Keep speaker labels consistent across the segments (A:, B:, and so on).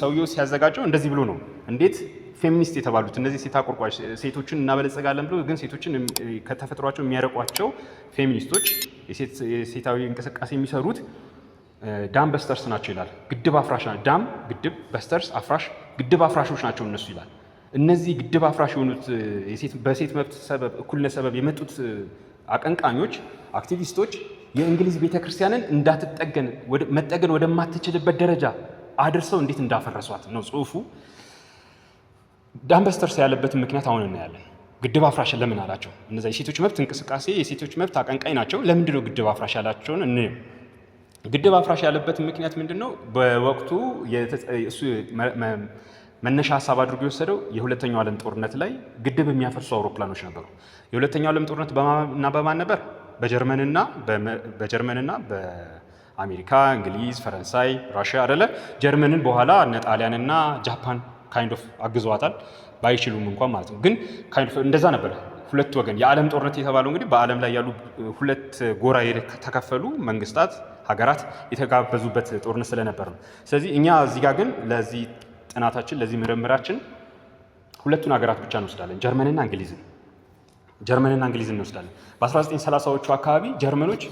A: ሰውየው ሲያዘጋጀው እንደዚህ ብሎ ነው። እንዴት ፌሚኒስት የተባሉት እነዚህ ሴት አቆርቋሽ ሴቶችን እናበለጸጋለን ብሎ ግን ሴቶችን ከተፈጥሯቸው የሚያረቋቸው ፌሚኒስቶች የሴታዊ እንቅስቃሴ የሚሰሩት ዳም በስተርስ ናቸው ይላል። ግድብ አፍራሽ ዳም ግድብ በስተርስ አፍራሽ ግድብ አፍራሾች ናቸው እነሱ ይላል። እነዚህ ግድብ አፍራሽ የሆኑት በሴት መብት ሰበብ እኩልነት ሰበብ የመጡት አቀንቃኞች፣ አክቲቪስቶች የእንግሊዝ ቤተክርስቲያንን እንዳትጠገን መጠገን ወደማትችልበት ደረጃ አድርሰው እንዴት እንዳፈረሷት ነው ጽሁፉ። ዳንበስተርስ ያለበትን ምክንያት አሁን እናያለን። ግድብ አፍራሽ ለምን አላቸው? እነዛ የሴቶች መብት እንቅስቃሴ የሴቶች መብት አቀንቃኝ ናቸው። ለምንድን ነው ግድብ አፍራሽ ያላቸውን እንየው። ግድብ አፍራሽ ያለበት ምክንያት ምንድን ነው? በወቅቱ እሱ መነሻ ሀሳብ አድርጎ የወሰደው የሁለተኛው ዓለም ጦርነት ላይ ግድብ የሚያፈርሱ አውሮፕላኖች ነበሩ። የሁለተኛው ዓለም ጦርነት በማን ነበር? በጀርመንና በጀርመንና አሜሪካ፣ እንግሊዝ፣ ፈረንሳይ፣ ራሽያ አደለ ጀርመንን በኋላ እነ ጣሊያንና ጃፓን ካይንድ ኦፍ አግዘዋታል ባይችሉም እንኳን ማለት ነው። ግን እንደዛ ነበረ ሁለት ወገን የዓለም ጦርነት የተባለው እንግዲህ በዓለም ላይ ያሉ ሁለት ጎራ የተከፈሉ መንግስታት፣ ሀገራት የተጋበዙበት ጦርነት ስለነበር ነው። ስለዚህ እኛ እዚህ ጋር ግን ለዚህ ጥናታችን ለዚህ ምርምራችን ሁለቱን ሀገራት ብቻ እንወስዳለን፣ ጀርመንና እንግሊዝን ጀርመንና እንግሊዝን እንወስዳለን። በ1930ዎቹ አካባቢ ጀርመኖች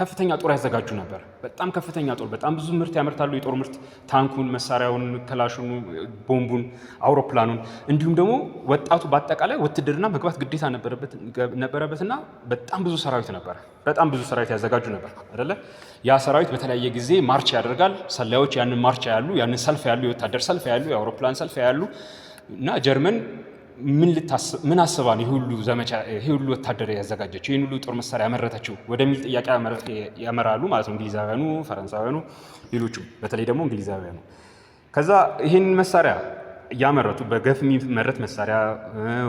A: ከፍተኛ ጦር ያዘጋጁ ነበር። በጣም ከፍተኛ ጦር፣ በጣም ብዙ ምርት ያመርታሉ። የጦር ምርት ታንኩን፣ መሳሪያውን፣ ክላሹን ቦምቡን፣ አውሮፕላኑን እንዲሁም ደግሞ ወጣቱ በአጠቃላይ ውትድርና መግባት ግዴታ ነበረበትና በጣም ብዙ ሰራዊት ነበር። በጣም ብዙ ሰራዊት ያዘጋጁ ነበር አይደለ? ያ ሰራዊት በተለያየ ጊዜ ማርች ያደርጋል። ሰላዮች ያንን ማርች ያሉ፣ ያንን ሰልፍ ያሉ፣ የወታደር ሰልፍ ያሉ፣ የአውሮፕላን ሰልፍ ያሉ እና ጀርመን ምን አስባ ነው ይሁሉ ዘመቻ ይሁሉ ወታደር ያዘጋጀችው ይህን ሁሉ ጦር መሳሪያ ያመረተችው ወደሚል ጥያቄ ያመራሉ ማለት ነው። እንግሊዛውያኑ፣ ፈረንሳውያኑ፣ ሌሎቹ በተለይ ደግሞ እንግሊዛውያኑ ከዛ ይህን መሳሪያ እያመረቱ በገፍ የሚመረት መሳሪያ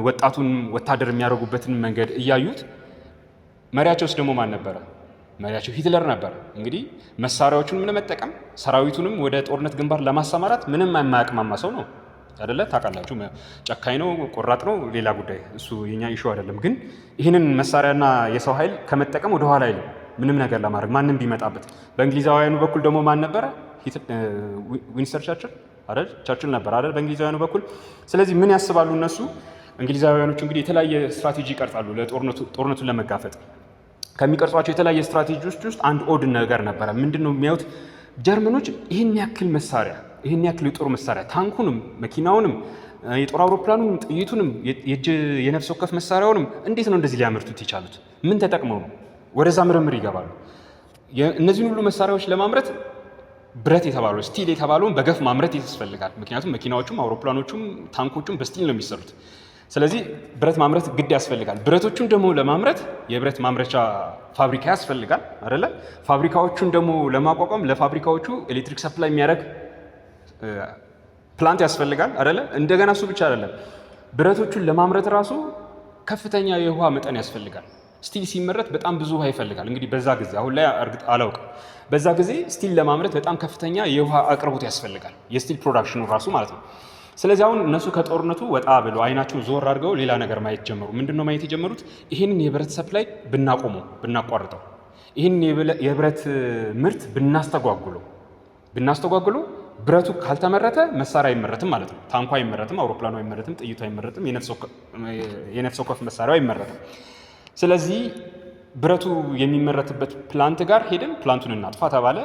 A: ወጣቱን ወታደር የሚያደርጉበትን መንገድ እያዩት መሪያቸውስ ደግሞ ማን ነበረ? መሪያቸው ሂትለር ነበር። እንግዲህ ምን ለመጠቀም ሰራዊቱንም ወደ ጦርነት ግንባር ለማሰማራት ምንም የማያቅማማ ሰው ነው። አይደለ? ታውቃላችሁ፣ ጨካኝ ነው፣ ቆራጥ ነው፣ ሌላ ጉዳይ እሱ የኛ ኢሹ አይደለም። ግን ይህንን መሳሪያና የሰው ኃይል ከመጠቀም ወደ ኋላ አይልም፣ ምንም ነገር ለማድረግ ማንም ቢመጣበት። በእንግሊዛውያኑ በኩል ደግሞ ማን ነበረ? ዊንስተር ቸርችል አይደል? ቸርችል ነበር አይደል? በእንግሊዛውያኑ በኩል። ስለዚህ ምን ያስባሉ እነሱ? እንግሊዛውያኖች እንግዲህ የተለያየ ስትራቴጂ ይቀርጻሉ ጦርነቱን ለመጋፈጥ ከሚቀርጿቸው የተለያየ ስትራቴጂዎች ውስጥ አንድ ኦድ ነገር ነበረ። ምንድን ነው የሚያዩት ጀርመኖች ይህን ያክል መሳሪያ ይህን ያክል የጦር መሳሪያ ታንኩንም፣ መኪናውንም፣ የጦር አውሮፕላኑንም፣ ጥይቱንም፣ የእጅ የነፍስ ወከፍ መሳሪያውንም እንዴት ነው እንደዚህ ሊያመርቱት የቻሉት? ምን ተጠቅመው ነው? ወደዛ ምርምር ይገባሉ። እነዚህን ሁሉ መሳሪያዎች ለማምረት ብረት የተባለው ስቲል የተባለውን በገፍ ማምረት ያስፈልጋል። ምክንያቱም መኪናዎቹም አውሮፕላኖቹም ታንኮቹም በስቲል ነው የሚሰሩት። ስለዚህ ብረት ማምረት ግድ ያስፈልጋል። ብረቶቹን ደግሞ ለማምረት የብረት ማምረቻ ፋብሪካ ያስፈልጋል አይደለ? ፋብሪካዎቹን ደግሞ ለማቋቋም ለፋብሪካዎቹ ኤሌክትሪክ ሰፕላይ የሚያደርግ ፕላንት ያስፈልጋል አይደለ? እንደገና እሱ ብቻ አይደለም፣ ብረቶቹን ለማምረት ራሱ ከፍተኛ የውሃ መጠን ያስፈልጋል። ስቲል ሲመረት በጣም ብዙ ውሃ ይፈልጋል። እንግዲህ በዛ ጊዜ አሁን ላይ እርግጥ አላውቅም፣ በዛ ጊዜ ስቲል ለማምረት በጣም ከፍተኛ የውሃ አቅርቦት ያስፈልጋል። የስቲል ፕሮዳክሽኑ ራሱ ማለት ነው። ስለዚህ አሁን እነሱ ከጦርነቱ ወጣ ብለው አይናቸው ዞር አድርገው ሌላ ነገር ማየት ጀመሩ። ነው ማየት የጀመሩት? ይህንን የብረት ሰፕላይ ብናቆመው፣ ብናቋርጠው፣ ይህንን የብረት ምርት ብናስተጓጉለው ብናስተጓጉለው ብረቱ ካልተመረተ መሳሪያ አይመረትም ማለት ነው። ታንኳ አይመረትም፣ አውሮፕላኑ አይመረትም፣ ጥይቱ አይመረትም፣ የነፍስ ወከፍ መሳሪያው አይመረትም። ስለዚህ ብረቱ የሚመረትበት ፕላንት ጋር ሄደን ፕላንቱን እናጥፋ ተባለ።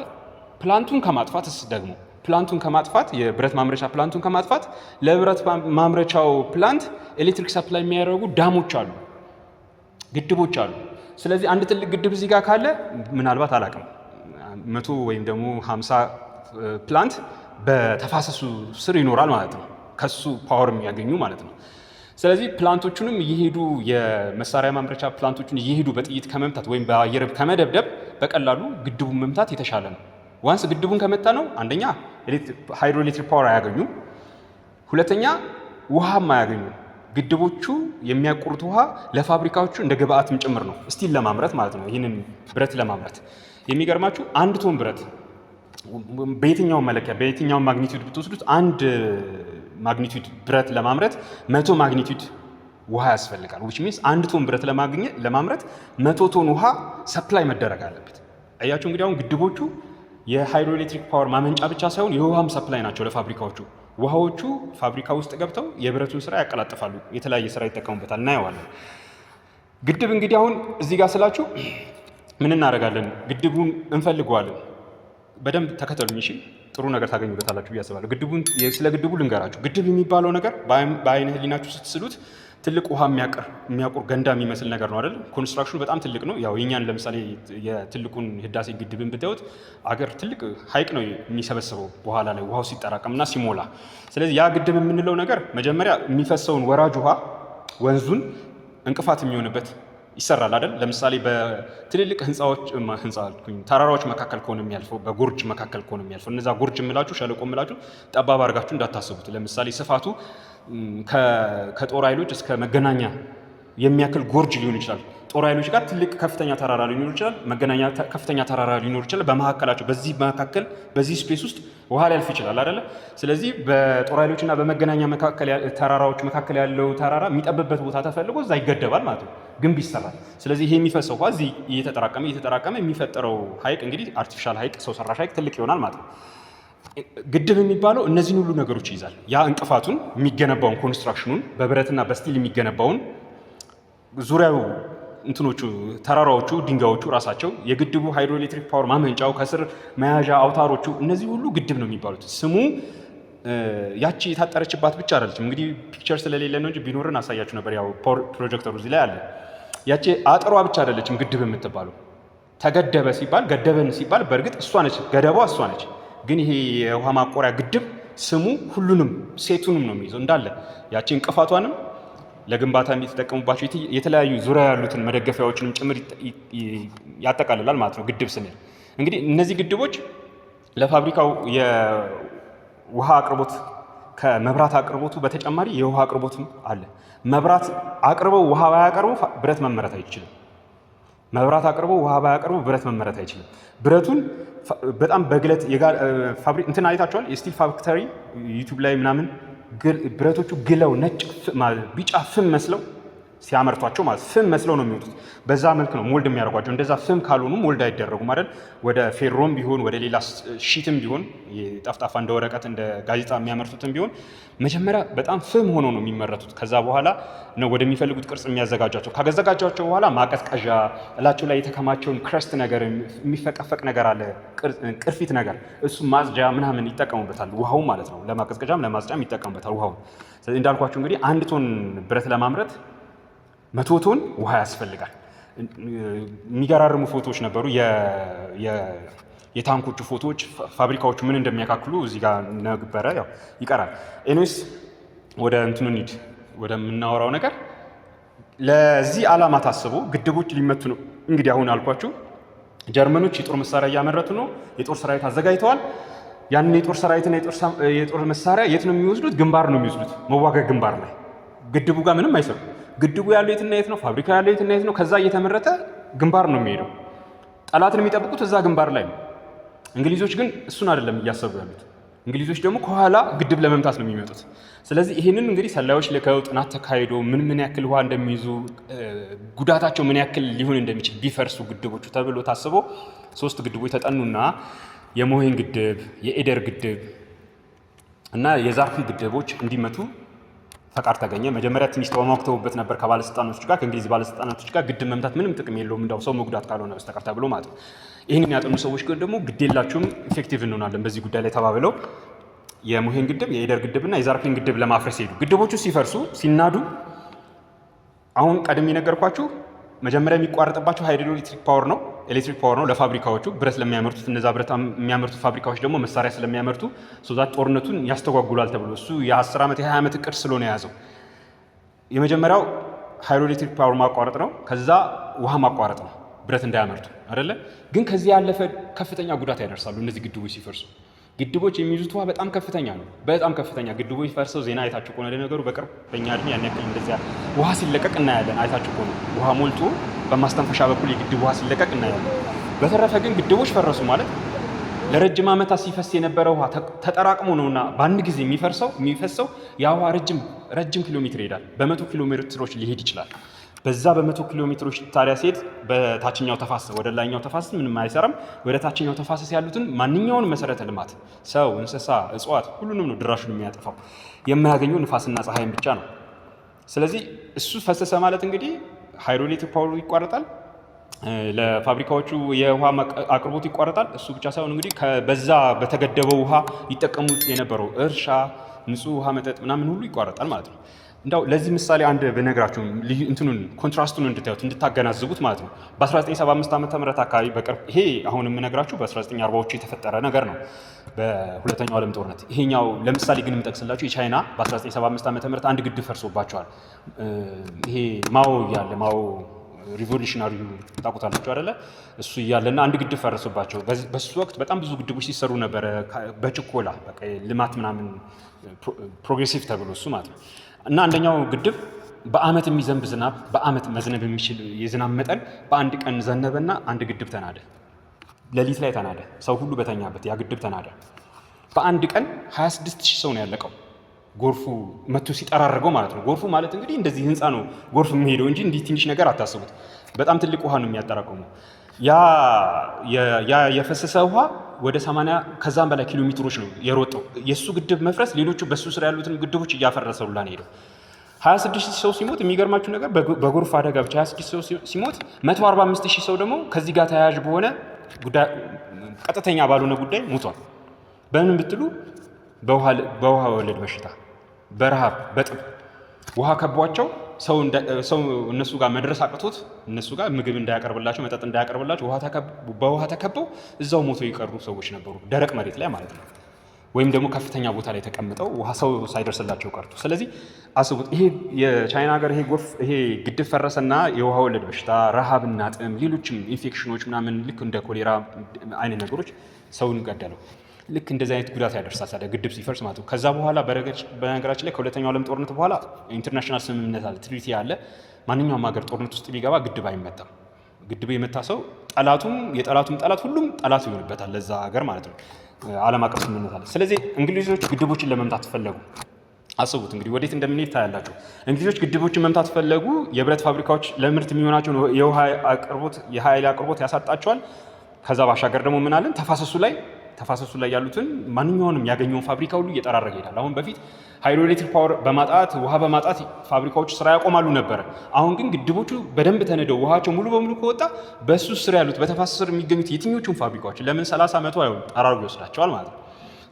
A: ፕላንቱን ከማጥፋትስ ደግሞ ፕላንቱን ከማጥፋት የብረት ማምረቻ ፕላንቱን ከማጥፋት ለብረት ማምረቻው ፕላንት ኤሌክትሪክ ሰፕላይ የሚያደርጉ ዳሞች አሉ፣ ግድቦች አሉ። ስለዚህ አንድ ትልቅ ግድብ እዚህ ጋር ካለ ምናልባት አላቅም መቶ ወይም ደግሞ ሀምሳ ፕላንት በተፋሰሱ ስር ይኖራል ማለት ነው። ከሱ ፓወር የሚያገኙ ማለት ነው። ስለዚህ ፕላንቶቹንም እየሄዱ የመሳሪያ ማምረቻ ፕላንቶቹን እየሄዱ በጥይት ከመምታት ወይም በአየር ከመደብደብ በቀላሉ ግድቡን መምታት የተሻለ ነው። ዋንስ ግድቡን ከመታ ነው አንደኛ ሃይድሮኤሌክትሪክ ፓወር አያገኙ፣ ሁለተኛ ውሃም አያገኙ። ግድቦቹ የሚያቆርጡት ውሃ ለፋብሪካዎቹ እንደ ግብአትም ጭምር ነው፣ ስቲል ለማምረት ማለት ነው። ይህንን ብረት ለማምረት የሚገርማችሁ አንድ ቶን ብረት በየትኛውም መለኪያ በየትኛውም ማግኒቱድ ብትወስዱት አንድ ማግኒቱድ ብረት ለማምረት መቶ ማግኒቱድ ውሃ ያስፈልጋል። ዊች ሚንስ አንድ ቶን ብረት ለማምረት መቶ ቶን ውሃ ሰፕላይ መደረግ አለበት። አያችሁ እንግዲህ አሁን ግድቦቹ የሃይድሮኤሌክትሪክ ፓወር ማመንጫ ብቻ ሳይሆን የውሃም ሰፕላይ ናቸው ለፋብሪካዎቹ። ውሃዎቹ ፋብሪካ ውስጥ ገብተው የብረቱን ስራ ያቀላጥፋሉ፣ የተለያየ ስራ ይጠቀሙበታል። እናየዋለን። ግድብ እንግዲህ አሁን እዚህ ጋር ስላችሁ ምን እናደርጋለን? ግድቡን እንፈልገዋለን በደንብ ተከተሉኝ። እሺ፣ ጥሩ ነገር ታገኙበታላችሁ ብዬ አስባለሁ። ግድቡን ስለ ግድቡ ልንገራችሁ። ግድብ የሚባለው ነገር በአይነ ህሊናችሁ ስትስሉት ትልቅ ውሃ የሚያቅር የሚያቁር ገንዳ የሚመስል ነገር ነው አይደል? ኮንስትራክሽኑ በጣም ትልቅ ነው። ያው የኛን ለምሳሌ የትልቁን ህዳሴ ግድብን ብታዩት አገር ትልቅ ሀይቅ ነው የሚሰበስበው በኋላ ላይ ውሃው ሲጠራቀምና ሲሞላ። ስለዚህ ያ ግድብ የምንለው ነገር መጀመሪያ የሚፈሰውን ወራጅ ውሃ ወንዙን እንቅፋት የሚሆንበት ይሰራል አይደል? ለምሳሌ በትልልቅ ህንፃዎች ህንፃ ተራራዎች መካከል ከሆነ የሚያልፈው በጉርጅ መካከል ከሆነ የሚያልፈው እነዛ ጉርጅ የምላችሁ ሸለቆ የምላችሁ ጠባብ አድርጋችሁ እንዳታስቡት። ለምሳሌ ስፋቱ ከጦር ኃይሎች እስከ መገናኛ የሚያክል ጉርጅ ሊሆን ይችላል። ጦር ኃይሎች ጋር ትልቅ ከፍተኛ ተራራ ሊኖር ይችላል። መገናኛ ከፍተኛ ተራራ ሊኖር ይችላል። በመካከላቸው በዚህ መካከል በዚህ ስፔስ ውስጥ ውሃ ሊያልፍ ይችላል አይደለ? ስለዚህ በጦር ኃይሎችና በመገናኛ ተራራዎች መካከል ያለው ተራራ የሚጠብበት ቦታ ተፈልጎ እዛ ይገደባል ማለት ነው። ግንብ ይሰራል። ስለዚህ ይሄ የሚፈሰው ውሃ እዚህ እየተጠራቀመ እየተጠራቀመ የሚፈጠረው ሀይቅ እንግዲህ አርቲፊሻል ሀይቅ፣ ሰው ሰራሽ ሀይቅ ትልቅ ይሆናል ማለት ነው። ግድብ የሚባለው እነዚህን ሁሉ ነገሮች ይይዛል። ያ እንቅፋቱን የሚገነባውን ኮንስትራክሽኑን በብረትና በስቲል የሚገነባውን ዙሪያው እንትኖቹ ተራራዎቹ ድንጋዮቹ ራሳቸው የግድቡ ሃይድሮኤሌክትሪክ ፓወር ማመንጫው ከስር መያዣ አውታሮቹ እነዚህ ሁሉ ግድብ ነው የሚባሉት ስሙ ያቺ የታጠረችባት ብቻ አይደለችም። እንግዲህ ፒክቸር ስለሌለ ነው እንጂ ቢኖርን አሳያችሁ ነበር። ያው ፕሮጀክተሩ እዚህ ላይ አለ። ያቺ አጥሯ ብቻ አይደለችም ግድብ የምትባለው። ተገደበ ሲባል ገደበን ሲባል በእርግጥ እሷ ነች ገደቧ እሷ ነች። ግን ይሄ የውሃ ማቆሪያ ግድብ ስሙ ሁሉንም ሴቱንም ነው የሚይዘው እንዳለ ያቺ እንቅፋቷንም ለግንባታ የሚተጠቀሙባቸው የተለያዩ ዙሪያ ያሉትን መደገፊያዎችንም ጭምር ያጠቃልላል ማለት ነው። ግድብ ስንል እንግዲህ እነዚህ ግድቦች ለፋብሪካው ውሃ አቅርቦት ከመብራት አቅርቦቱ በተጨማሪ የውሃ አቅርቦትም አለ። መብራት አቅርበው ውሃ ባያቀርቡ ብረት መመረት አይችልም። መብራት አቅርበው ውሃ ባያቀርቡ ብረት መመረት አይችልም። ብረቱን በጣም በግለት ፋብሪክ እንትን አይታቸዋል። የስቲል ፋክተሪ ዩቱብ ላይ ምናምን ብረቶቹ ግለው ነጭ ቢጫ ፍም መስለው ሲያመርቷቸው ማለት ፍም መስለው ነው የሚወጡት። በዛ መልክ ነው ሞልድ የሚያደርጓቸው። እንደዛ ፍም ካልሆኑ ሞልድ አይደረጉም አይደል? ወደ ፌሮም ቢሆን ወደ ሌላ ሺትም ቢሆን ጠፍጣፋ እንደ ወረቀት እንደ ጋዜጣ የሚያመርቱትም ቢሆን መጀመሪያ በጣም ፍም ሆኖ ነው የሚመረቱት። ከዛ በኋላ ነው ወደሚፈልጉት ቅርጽ የሚያዘጋጇቸው። ካዘጋጇቸው በኋላ ማቀዝቀዣ፣ እላቸው ላይ የተከማቸውን ክረስት ነገር የሚፈቀፈቅ ነገር አለ፣ ቅርፊት ነገር፣ እሱ ማጽጃ ምናምን ይጠቀሙበታል። ውሃው ማለት ነው። ለማቀዝቀዣም ለማጽጃም ይጠቀሙበታል ውሃውን። እንዳልኳቸው እንግዲህ አንድ ቶን ብረት ለማምረት መቶ ቶን ውሃ ያስፈልጋል። የሚገራርሙ ፎቶዎች ነበሩ። የታንኮቹ ፎቶዎች ፋብሪካዎቹ ምን እንደሚያካክሉ እዚህ ጋር ነበረ። ያው ይቀራል። ኤኒዌይስ ወደ እንትኑ እንሂድ፣ ወደምናወራው ነገር። ለዚህ ዓላማ ታስቦ ግድቦች ሊመቱ ነው። እንግዲህ አሁን አልኳችሁ ጀርመኖች የጦር መሳሪያ እያመረቱ ነው። የጦር ሰራዊት አዘጋጅተዋል። ያንን የጦር ሰራዊትና የጦር መሳሪያ የት ነው የሚወስዱት? ግንባር ነው የሚወስዱት። መዋጋ ግንባር ላይ ግድቡ ጋር ምንም አይሰሩም። ግድቡ ያለው የትና የት ነው፣ ፋብሪካው ያለው የትና የት ነው። ከዛ እየተመረተ ግንባር ነው የሚሄደው። ጠላትን የሚጠብቁት እዛ ግንባር ላይ ነው። እንግሊዞች ግን እሱን አይደለም እያሰቡ ያሉት። እንግሊዞች ደግሞ ከኋላ ግድብ ለመምታት ነው የሚመጡት። ስለዚህ ይህንን እንግዲህ ሰላዮች ልከው ጥናት ተካሂዶ ምን ምን ያክል ውሃ እንደሚይዙ ጉዳታቸው ምን ያክል ሊሆን እንደሚችል ቢፈርሱ ግድቦቹ ተብሎ ታስቦ ሶስት ግድቦች ተጠኑና የሞሄን ግድብ፣ የኤደር ግድብ እና የዛርፊ ግድቦች እንዲመቱ ፈቃድ ተገኘ። መጀመሪያ ትንሽ ተሟግተውበት ነበር ከባለስልጣኖች ጋር ከእንግሊዝ ባለስልጣናቶች ጋር ግድብ መምታት ምንም ጥቅም የለውም እንዳው ሰው መጉዳት ካልሆነ በስተቀር ተብሎ ማለት ነው። ይህንን ያጠኑ ሰዎች ግን ደግሞ ግዴላችሁም ኢፌክቲቭ እንሆናለን በዚህ ጉዳይ ላይ ተባብለው የሙሄን ግድብ የኢደር ግድብና የዛርፊን ግድብ ለማፍረስ ሄዱ። ግድቦቹ ሲፈርሱ ሲናዱ አሁን ቀድም የነገርኳችሁ መጀመሪያ የሚቋረጥባቸው ሃይድሮ ኤሌክትሪክ ፓወር ነው። ኤሌክትሪክ ፓወር ነው ለፋብሪካዎቹ ብረት ለሚያመርቱት እነዛ ብረት የሚያመርቱ ፋብሪካዎች ደግሞ መሳሪያ ስለሚያመርቱ ሶዛት ጦርነቱን ያስተጓጉላል ተብሎ እሱ የ10 ዓመት የ20 ዓመት እቅድ ስለሆነ የያዘው የመጀመሪያው ሃይድሮ ኤሌክትሪክ ፓወር ማቋረጥ ነው። ከዛ ውሃ ማቋረጥ ነው ብረት እንዳያመርቱ አይደለ። ግን ከዚህ ያለፈ ከፍተኛ ጉዳት ያደርሳሉ እነዚህ ግድቦች ሲፈርሱ። ግድቦች የሚይዙት ውሃ በጣም ከፍተኛ ነው፣ በጣም ከፍተኛ ግድቦች ፈርሰው ዜና አይታችሁ ከሆነ ለነገሩ በቅርብ በእኛ ድ ያን ያክል እንደዚያ ውሃ ሲለቀቅ እናያለን። አይታችሁ ከሆነ ውሃ ሞልቶ በማስተንፈሻ በኩል የግድብ ውሃ ሲለቀቅ እናያለን። በተረፈ ግን ግድቦች ፈረሱ ማለት ለረጅም ዓመታት ሲፈስ የነበረ ውሃ ተጠራቅሞ ነውና በአንድ ጊዜ የሚፈርሰው የሚፈሰው ያ ውሃ ረጅም ረጅም ኪሎ ሜትር ይሄዳል። በመቶ ኪሎ ሜትሮች ሊሄድ ይችላል። በዛ በመቶ ኪሎ ሜትሮች ታዲያ ሴት በታችኛው ተፋሰስ ወደ ላይኛው ተፋሰስ ምንም አይሰራም። ወደ ታችኛው ተፋሰስ ያሉትን ማንኛውን መሰረተ ልማት ሰው፣ እንስሳ፣ እጽዋት ሁሉንም ነው ድራሹን የሚያጠፋው። የማያገኘው ንፋስና ፀሐይን ብቻ ነው። ስለዚህ እሱ ፈሰሰ ማለት እንግዲህ ሃይድሮኔቲክ ፓወሩ ይቋረጣል። ለፋብሪካዎቹ የውሃ አቅርቦት ይቋረጣል። እሱ ብቻ ሳይሆን እንግዲህ በዛ በተገደበው ውሃ ይጠቀሙት የነበረው እርሻ፣ ንጹህ ውሃ መጠጥ ምናምን ሁሉ ይቋረጣል ማለት ነው። እንዳው ለዚህ ምሳሌ አንድ ብነግራችሁ እንትኑን ኮንትራስቱን እንድታዩት እንድታገናዝቡት ማለት ነው። በ1975 ዓመተ ምህረት አካባቢ በቅርብ ይሄ አሁን የምነግራችሁ በ1940ዎቹ የተፈጠረ ነገር ነው፣ በሁለተኛው ዓለም ጦርነት። ይሄኛው ለምሳሌ ግን የምጠቅስላችሁ የቻይና በ1975 ዓመተ ምህረት አንድ ግድብ ፈርሶባቸዋል። ይሄ ማኦ እያለ ማኦ ሪቮሉሽናሪ ታውቁታላችሁ አይደለ? እሱ እያለና አንድ ግድብ ፈርሶባቸው በሱ ወቅት በጣም ብዙ ግድቦች ሲሰሩ ነበረ በችኮላ በቃ ልማት ምናምን ፕሮግሬሲቭ ተብሎ እሱ ማለት ነው እና አንደኛው ግድብ በአመት የሚዘንብ ዝናብ በአመት መዝነብ የሚችል የዝናብ መጠን በአንድ ቀን ዘነበና አንድ ግድብ ተናደ። ሌሊት ላይ ተናደ፣ ሰው ሁሉ በተኛበት ያ ግድብ ተናደ። በአንድ ቀን 26 ሺህ ሰው ነው ያለቀው። ጎርፉ መቶ ሲጠራርገው ማለት ነው። ጎርፉ ማለት እንግዲህ እንደዚህ ህንፃ ነው ጎርፍ የሚሄደው እንጂ እንዲህ ትንሽ ነገር አታስቡት። በጣም ትልቅ ውሃ ነው የሚያጠራቅመው። ያ የፈሰሰ ውሃ ወደ 80 ከዛም በላይ ኪሎ ሜትሮች ነው የሮጠው። የእሱ ግድብ መፍረስ ሌሎቹ በእሱ ስራ ያሉትን ግድቦች እያፈረሰሉላ ነው ሄደው 26 ሰው ሲሞት የሚገርማችሁ ነገር በጎርፍ አደጋ ብቻ 26 ሰው ሲሞት 145 ሺህ ሰው ደግሞ ከዚህ ጋር ተያያዥ በሆነ ቀጥተኛ ባልሆነ ጉዳይ ሞቷል። በምን ብትሉ በውሃ ወለድ በሽታ፣ በረሃብ፣ በጥም ውሃ ከቧቸው ሰው እነሱ ጋር መድረስ አቅቶት እነሱ ጋር ምግብ እንዳያቀርብላቸው መጠጥ እንዳያቀርብላቸው በውሃ ተከበው እዛው ሞቶ የቀሩ ሰዎች ነበሩ፣ ደረቅ መሬት ላይ ማለት ነው። ወይም ደግሞ ከፍተኛ ቦታ ላይ ተቀምጠው ውሃ ሰው ሳይደርስላቸው ቀርቶ። ስለዚህ አስቡት፣ ይሄ የቻይና ሀገር ይሄ ጎርፍ ይሄ ግድብ ፈረሰና የውሃ ወለድ በሽታ ረሃብና ጥም፣ ሌሎችም ኢንፌክሽኖች ምናምን ልክ እንደ ኮሌራ አይነት ነገሮች ሰውን ገደለው። ልክ እንደዚህ አይነት ጉዳት ያደርሳል። ታዲያ ግድብ ሲፈርስ ማለት ነው። ከዛ በኋላ በነገራችን ላይ ከሁለተኛው ዓለም ጦርነት በኋላ ኢንተርናሽናል ስምምነት አለ፣ ትሪቲ አለ። ማንኛውም ሀገር ጦርነት ውስጥ ቢገባ ግድብ አይመጣም። ግድብ የመታ ሰው ጠላቱም የጠላቱም ጠላት ሁሉም ጠላት ይሆንበታል ለዛ ሀገር ማለት ነው። ዓለም አቀፍ ስምምነት አለ። ስለዚህ እንግሊዞች ግድቦችን ለመምታት ፈለጉ። አስቡት እንግዲህ ወዴት እንደምንሄድ ታያላቸው። እንግሊዞች ግድቦችን መምታት ፈለጉ። የብረት ፋብሪካዎች ለምርት የሚሆናቸውን የውሃ አቅርቦት የኃይል አቅርቦት ያሳጣቸዋል። ከዛ ባሻገር ደግሞ ምናለን ተፋሰሱ ላይ ተፋሰሱ ላይ ያሉትን ማንኛውንም ያገኘውን ፋብሪካ ሁሉ እየጠራረገ ይሄዳል። አሁን በፊት ሃይድሮኤሌክትሪክ ፓወር በማጣት ውሃ በማጣት ፋብሪካዎች ስራ ያቆማሉ ነበረ። አሁን ግን ግድቦቹ በደንብ ተነደው ውሃቸው ሙሉ በሙሉ ከወጣ በሱ ስር ያሉት በተፋሰሱ ስር የሚገኙት የትኞቹን ፋብሪካዎች ለምን 30 መቶ አይሆን ጠራርጎ ይወስዳቸዋል ማለት ነው።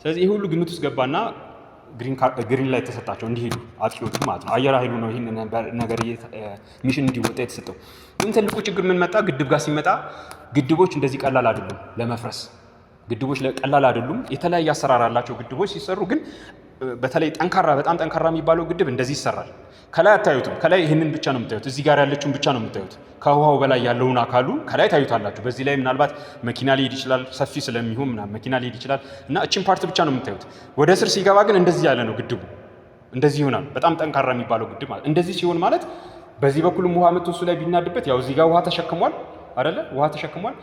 A: ስለዚህ ይህ ሁሉ ግምት ውስጥ ገባና ግሪን ላይ ተሰጣቸው እንዲሄዱ አጥቂዎቹ ማለት ነው። አየር ኃይሉ ነው ይህን ነገር ሚሽን እንዲወጣ የተሰጠው። ግን ትልቁ ችግር ምን መጣ? ግድብ ጋር ሲመጣ ግድቦች እንደዚህ ቀላል አይደሉም ለመፍረስ ግድቦች ቀላል አይደሉም። የተለያየ አሰራር ያላቸው ግድቦች ሲሰሩ ግን በተለይ ጠንካራ በጣም ጠንካራ የሚባለው ግድብ እንደዚህ ይሰራል። ከላይ አታዩትም። ከላይ ይህንን ብቻ ነው የምታዩት። እዚህ ጋር ያለችውን ብቻ ነው የምታዩት። ከውሃው በላይ ያለውን አካሉ ከላይ ታዩታላችሁ። በዚህ ላይ ምናልባት መኪና ሊሄድ ይችላል፣ ሰፊ ስለሚሆን ምናምን መኪና ሊሄድ ይችላል እና እችን ፓርት ብቻ ነው የምታዩት። ወደ ስር ሲገባ ግን እንደዚህ ያለ ነው ግድቡ። እንደዚህ ይሆናል። በጣም ጠንካራ የሚባለው ግድብ ማለት እንደዚህ ሲሆን ማለት በዚህ በኩልም ውሃ መጥቶ እሱ ላይ ቢናድበት ያው እዚህ ጋር ውሃ ተሸክሟል አይደለ? ውሃ ተሸክሟል።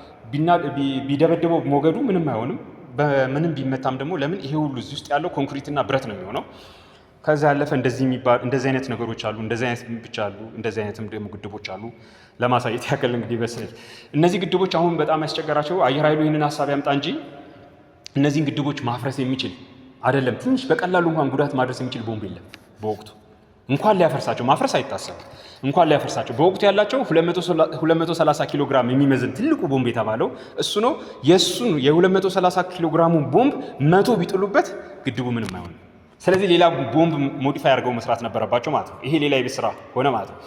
A: ቢደበደበው ሞገዱ ምንም አይሆንም። በምንም ቢመታም ደግሞ ለምን ይሄ ሁሉ እዚህ ውስጥ ያለው ኮንክሪትና ብረት ነው የሚሆነው። ከዛ ያለፈ እንደዚህ የሚባል እንደዚህ አይነት ነገሮች አሉ፣ እንደዚህ አይነት ብቻ አሉ፣ እንደዚህ አይነትም ደግሞ ግድቦች አሉ። ለማሳየት ያክል እንግዲህ በስል እነዚህ ግድቦች አሁን በጣም ያስቸገራቸው አየር ኃይሉ ይህንን ሀሳብ ያምጣ እንጂ እነዚህን ግድቦች ማፍረስ የሚችል አይደለም። ትንሽ በቀላሉ እንኳን ጉዳት ማድረስ የሚችል ቦምብ የለም በወቅቱ እንኳን ሊያፈርሳቸው ማፍረስ አይታሰብ እንኳን ሊያፈርሳቸው በወቅቱ ያላቸው 230 ኪሎ ግራም የሚመዝን ትልቁ ቦምብ የተባለው እሱ ነው። የእሱን የ230 ኪሎ ግራሙን ቦምብ መቶ ቢጥሉበት ግድቡ ምንም አይሆንም። ስለዚህ ሌላ ቦምብ ሞዲፋይ አድርገው መስራት ነበረባቸው ማለት ነው። ይሄ ሌላ የቤት ስራ ሆነ ማለት ነው።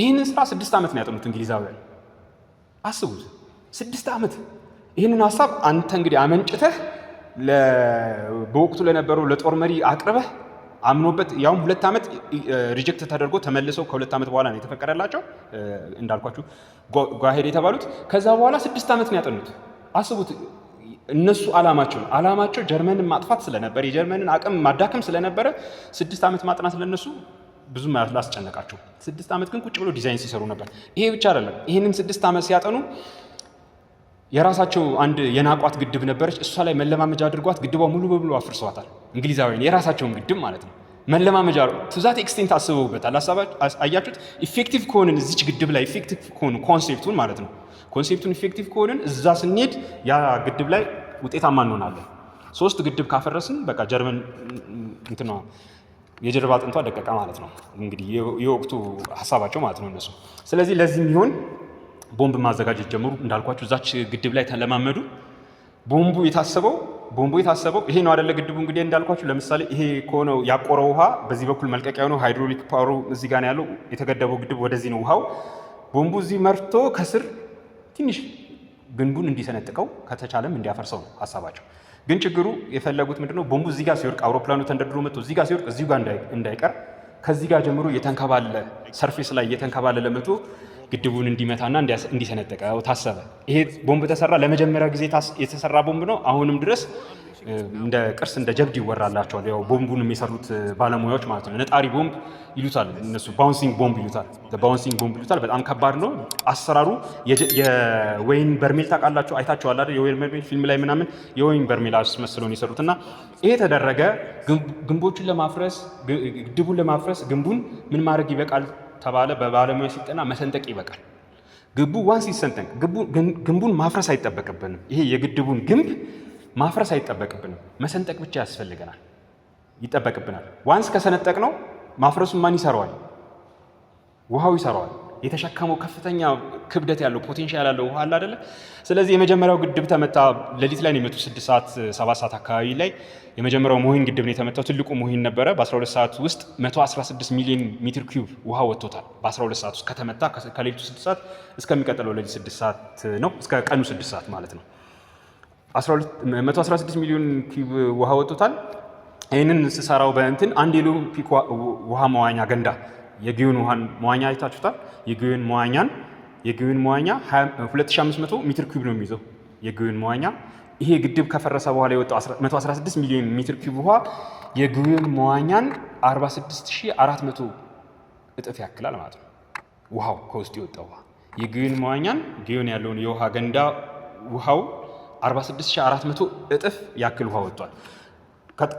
A: ይህንን ስራ ስድስት ዓመት ነው ያጠኑት እንግሊዛውያን። አስቡት፣ ስድስት ዓመት ይህንን ሀሳብ አንተ እንግዲህ አመንጭተህ በወቅቱ ለነበረው ለጦር መሪ አቅርበህ አምኖበት ያውም ሁለት ዓመት ሪጀክት ተደርጎ ተመልሰው ከሁለት ዓመት በኋላ ነው የተፈቀደላቸው እንዳልኳችሁ ጓሄድ የተባሉት። ከዛ በኋላ ስድስት ዓመት ነው ያጠኑት። አስቡት እነሱ አላማቸው አላማቸው ጀርመንን ማጥፋት ስለነበር የጀርመንን አቅም ማዳከም ስለነበረ ስድስት ዓመት ማጥናት ለነሱ ብዙም ላስጨነቃቸው። ስድስት ዓመት ግን ቁጭ ብሎ ዲዛይን ሲሰሩ ነበር። ይሄ ብቻ አይደለም። ይህንን ስድስት ዓመት ሲያጠኑ የራሳቸው አንድ የናቋት ግድብ ነበረች። እሷ ላይ መለማመጃ አድርጓት ግድቧ ሙሉ በሙሉ አፍርሰዋታል። እንግሊዛውያን የራሳቸውን ግድብ ማለት ነው። መለማመጃ ቱዛት ኤክስቴንት አስበውበታል። አያችሁት? ኢፌክቲቭ ከሆንን እዚች ግድብ ላይ ኢፌክቲቭ ከሆኑ ኮንሴፕቱን ማለት ነው ኮንሴፕቱን ኢፌክቲቭ ከሆንን እዛ ስንሄድ ያ ግድብ ላይ ውጤታማ እንሆናለን። ሶስት ግድብ ካፈረስን በቃ ጀርመን እንትኗ የጀርባ አጥንቷ ደቀቀ ማለት ነው። እንግዲህ የወቅቱ ሀሳባቸው ማለት ነው እነሱ። ስለዚህ ለዚህ የሚሆን ቦምብ ማዘጋጀት ጀመሩ። እንዳልኳችሁ እዛች ግድብ ላይ ተለማመዱ። ቦምቡ የታሰበው ቦምቡ የታሰበው ይሄ ነው አደለ? ግድቡ እንግዲህ እንዳልኳችሁ ለምሳሌ ይሄ ከሆነው ያቆረው ውሃ በዚህ በኩል መልቀቂያ ነው። ሃይድሮሊክ ፓወሩ እዚህ ጋር ያለው የተገደበው ግድብ ወደዚህ ነው ውሃው። ቦምቡ እዚህ መርቶ ከስር ትንሽ ግንቡን እንዲሰነጥቀው ከተቻለም እንዲያፈርሰው ነው ሀሳባቸው። ግን ችግሩ የፈለጉት ምንድነው? ቦምቡ እዚህ ጋር ሲወርቅ አውሮፕላኑ ተንደርድሮ መጥቶ እዚህ ጋር ሲወርቅ እዚሁ ጋር እንዳይቀር ከዚህ ጋር ጀምሮ እየተንከባለ ሰርፌስ ላይ የተንከባለለ መጥቶ ግድቡን እንዲመታና እንዲሰነጠቀ ታሰበ። ይሄ ቦምብ ተሰራ። ለመጀመሪያ ጊዜ የተሰራ ቦምብ ነው። አሁንም ድረስ እንደ ቅርስ እንደ ጀብድ ይወራላቸዋል። ያው ቦምቡን የሚሰሩት ባለሙያዎች ማለት ነው። ነጣሪ ቦምብ ይሉታል እነሱ፣ ባውንሲንግ ቦምብ ይሉታል፣ ባውንሲንግ ቦምብ ይሉታል። በጣም ከባድ ነው አሰራሩ። የወይን በርሜል ታውቃላችሁ፣ አይታችኋል አይደል? የወይን በርሜል ፊልም ላይ ምናምን የወይን በርሜል ነው የሰሩት እና ይሄ ተደረገ። ግንቦቹን ለማፍረስ ግድቡን ለማፍረስ ግንቡን ምን ማድረግ ይበቃል ተባለ በባለሙያ ሲጠና መሰንጠቅ ይበቃል። ግቡ ዋንስ ይሰንጠቅ፣ ግንቡን ማፍረስ አይጠበቅብንም። ይሄ የግድቡን ግንብ ማፍረስ አይጠበቅብንም፣ መሰንጠቅ ብቻ ያስፈልገናል ይጠበቅብናል። ዋንስ ከሰነጠቅ ነው ማፍረሱን ማን ይሰራዋል? ውሃው ይሰራዋል። የተሸከመው ከፍተኛ ክብደት ያለው ፖቴንሻል ያለው ውሃ አለ አይደለ? ስለዚህ የመጀመሪያው ግድብ ተመታ። ሌሊት ላይ ነው የመቱ 6 ሰዓት 7 ሰዓት አካባቢ ላይ የመጀመሪያው ሞሂን ግድብ ነው የተመታው። ትልቁ ሞሂን ነበረ። በ12 ሰዓት ውስጥ 116 ሚሊዮን ሜትር ኪዩብ ውሃ ወጥቶታል። በ12 ሰዓት ውስጥ ከተመታ ከሌሊቱ 6 ሰዓት እስከሚቀጥለው ሌሊት 6 ሰዓት ነው እስከ ቀኑ 6 ሰዓት ማለት ነው። 116 ሚሊዮን ኪዩብ ውሃ ወጥቶታል። ይህንን ስሰራው በእንትን አንድ ሎ ውሃ መዋኛ ገንዳ የግዩን ውሃን መዋኛ አይታችሁታል። የግዩን መዋኛን የግዩን መዋኛ 2500 ሜትር ኪዩብ ነው የሚይዘው የግዩን መዋኛ። ይሄ ግድብ ከፈረሰ በኋላ የወጣው 116 ሚሊዮን ሜትር ኪዩብ ውሃ የግዩን መዋኛን 46400 እጥፍ ያክላል ማለት ነው። ውሃው ከውስጥ የወጣው ውሃ የግዩን መዋኛን ግዩን ያለውን የውሃ ገንዳ ውሃው 46400 እጥፍ ያክል ውሃ ወጥቷል።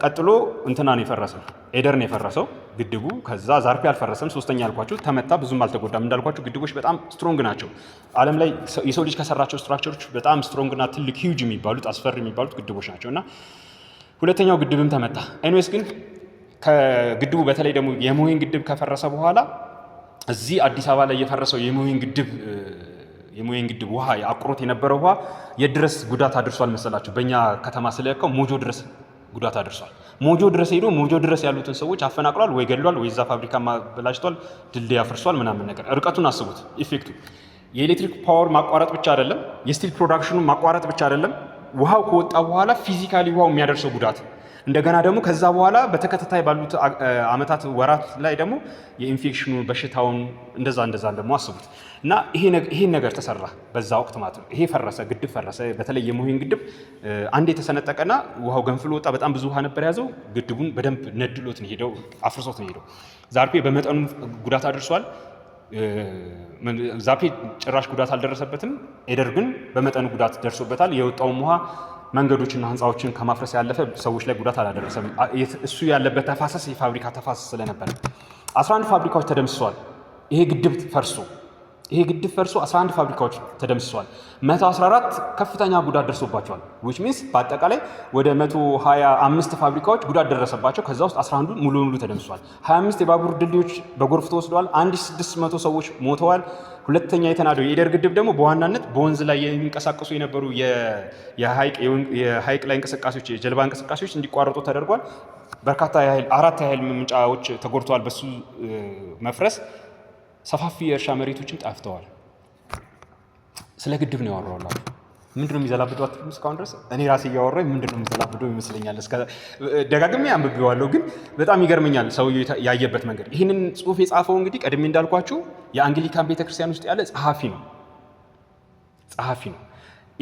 A: ቀጥሎ እንትና ነው የፈረሰው ኤደር ነው የፈረሰው ግድቡ ከዛ ዛርፔ አልፈረሰም። ሶስተኛ ያልኳችሁ ተመታ፣ ብዙም አልተጎዳም። እንዳልኳቸው ግድቦች በጣም ስትሮንግ ናቸው። ዓለም ላይ የሰው ልጅ ከሰራቸው ስትራክቸሮች በጣም ስትሮንግ እና ትልቅ ሂውጅ የሚባሉት አስፈሪ የሚባሉት ግድቦች ናቸው እና ሁለተኛው ግድብም ተመታ። ኤኒዌይስ ግን ከግድቡ በተለይ ደግሞ የሞሄን ግድብ ከፈረሰ በኋላ እዚህ አዲስ አበባ ላይ የፈረሰው የሞሄን ግድብ የሞሄን ግድብ ውሃ አቁሮት የነበረው ውሃ የድረስ ጉዳት አድርሷል መሰላቸው። በእኛ ከተማ ስለያካው ሞጆ ድረስ ጉዳት አድርሷል። ሞጆ ድረስ ሄዶ ሞጆ ድረስ ያሉትን ሰዎች አፈናቅሏል፣ ወይ ገድሏል፣ ወይ እዛ ፋብሪካ ማበላሽቷል፣ ድልድይ አፍርሷል ምናምን ነገር ርቀቱን አስቡት። ኢፌክቱ የኤሌክትሪክ ፓወር ማቋረጥ ብቻ አይደለም፣ የስቲል ፕሮዳክሽኑ ማቋረጥ ብቻ አይደለም፣ ውሃው ከወጣ በኋላ ፊዚካሊ ውሃው የሚያደርሰው ጉዳት እንደገና ደግሞ ከዛ በኋላ በተከታታይ ባሉት አመታት ወራት ላይ ደግሞ የኢንፌክሽኑ በሽታውን እንደዛ እንደዛ ደግሞ አስቡት እና ይሄን ነገር ተሰራ በዛ ወቅት ማለት ነው። ይሄ ፈረሰ ግድብ ፈረሰ። በተለይ የሙሂን ግድብ አንድ የተሰነጠቀና ውሃው ገንፍሎ ወጣ። በጣም ብዙ ውሃ ነበር ያዘው። ግድቡን በደንብ ነድሎት ነው ሄደው አፍርሶት ነው ሄደው። ዛርፔ በመጠኑ ጉዳት አድርሷል። ዛርፔ ጭራሽ ጉዳት አልደረሰበትም። ኤደር ግን በመጠኑ ጉዳት ደርሶበታል። የወጣውን ውሃ መንገዶችና ህንፃዎችን ከማፍረስ ያለፈ ሰዎች ላይ ጉዳት አላደረሰም። እሱ ያለበት ተፋሰስ የፋብሪካ ተፋሰስ ስለነበረ 11 ፋብሪካዎች ተደምስሷል። ይሄ ግድብ ፈርሶ ይሄ ግድብ ፈርሶ 11 ፋብሪካዎች ተደምስሷል። 114 ከፍተኛ ጉዳት ደርሶባቸዋል። ዊች ሚንስ በአጠቃላይ ወደ 125 ፋብሪካዎች ጉዳት ደረሰባቸው። ከዛ ውስጥ 11 ሙሉ ሙሉ ተደምስሷል። 25 የባቡር ድልድዮች በጎርፍ ተወስደዋል። 1600 ሰዎች ሞተዋል። ሁለተኛ የተናደው የኢደር ግድብ ደግሞ በዋናነት በወንዝ ላይ የሚንቀሳቀሱ የነበሩ የሀይቅ ላይ እንቅስቃሴዎች፣ የጀልባ እንቅስቃሴዎች እንዲቋረጡ ተደርጓል። በርካታ አራት ያህል ምንጫዎች ተጎድተዋል በሱ መፍረስ ሰፋፊ የእርሻ መሬቶችን ጠፍተዋል። ስለ ግድብ ነው ያወራሁላችሁ። ምንድነው የሚዘላብዷችሁ? እስካሁን ድረስ እኔ ራሴ እያወራሁ ምንድነው የሚዘላብደው ይመስለኛል። ደጋግሜ አንብቤዋለሁ፣ ግን በጣም ይገርመኛል ሰውዬው ያየበት መንገድ። ይህንን ጽሁፍ የጻፈው እንግዲህ ቀድሜ እንዳልኳችሁ የአንግሊካን ቤተክርስቲያን ውስጥ ያለ ጸሐፊ ነው ጸሐፊ ነው።